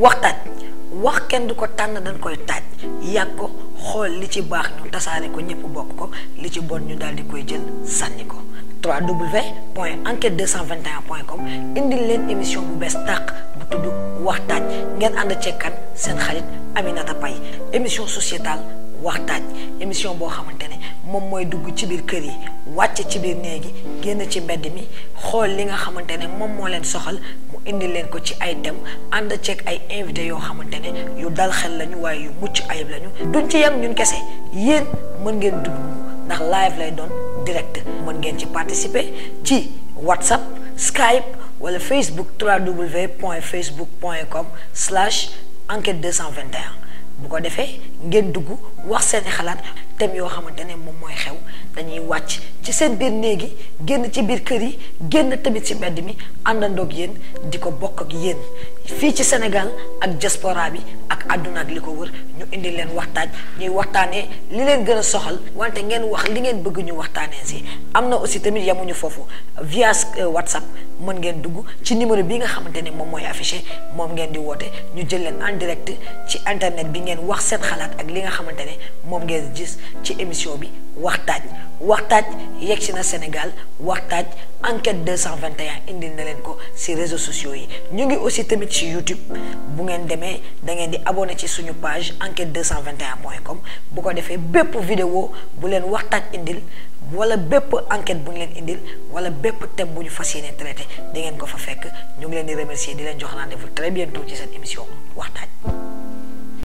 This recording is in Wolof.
waxtaan wax kenn du ko tànn dañ koy taaj yàgg ko xool li ci baax ñu tasaare ko ñëpp bokk ko li ci bon ñu daal di koy jël sànni ko. vingt point 221com indil leen émission bu bees tàq bu tudd waxtaan ngeen ànd ceeg kan seen xarit Aminata Paye émission sociétale. waxtaaj émission boo xamante ne moom mooy dugg ci biir kër yi wàcce ci biir néegi yi génn ci mbedd mi xool li nga xamante ne moom moo leen soxal mu indi leen ko ci ay thèmes ànd ceeg ay invité yoo xamante ne yu dal xel lañu waaye yu mucc ayib lañu duñ ci yem ñun kese yéen mën ngeen dugg ndax live lay doon direct mën ngeen ci participer ci WhatsApp Skype wala Facebook www.facebook.com slash enquête 221 bu ko defee ngeen dugg wax seeni xalaat thèmes yoo xamante ne moom mooy xew dañuy wàcc ci seen biir néegi génn ci biir kër yi génn tamit ci mbedd mi àndandoog yéen di ko bokk ak yéen fii ci Sénégal ak diaspora bi ak àdduna ak li ko wër ñu indi leen waxtaan ñuy waxtaanee li leen gën a soxal wante ngeen wax li ngeen bëgg ñu waxtaanee si am na aussi tamit yamuñu foofu via euh, WhatsApp mën ngeen dugg ci numéro bi nga xamante ne moom mooy affiché moom ngeen di woote ñu jël leen en ci internet bi ngeen wax xalaat ak li nga xamante ne moom ngeen gis ci émission bi waxtaaj waxtaaj yegg si na Sénégal waxtaaj enquête 221 indi na leen ko si réseau sociaux yi ñu ngi aussi tamit si YouTube bu ngeen demee da ngeen di abonné ci suñu page enquête 221 point com bu ko defee bépp vidéo bu leen waxtaaj indil wala bépp enquête bu ñu leen indil wala bépp thème bu ñu fas yéene traité di ngeen ko fa fekk ñu ngi leen di remercier di leen jox rendez-vous très bientôt ci seen émission waxtaaj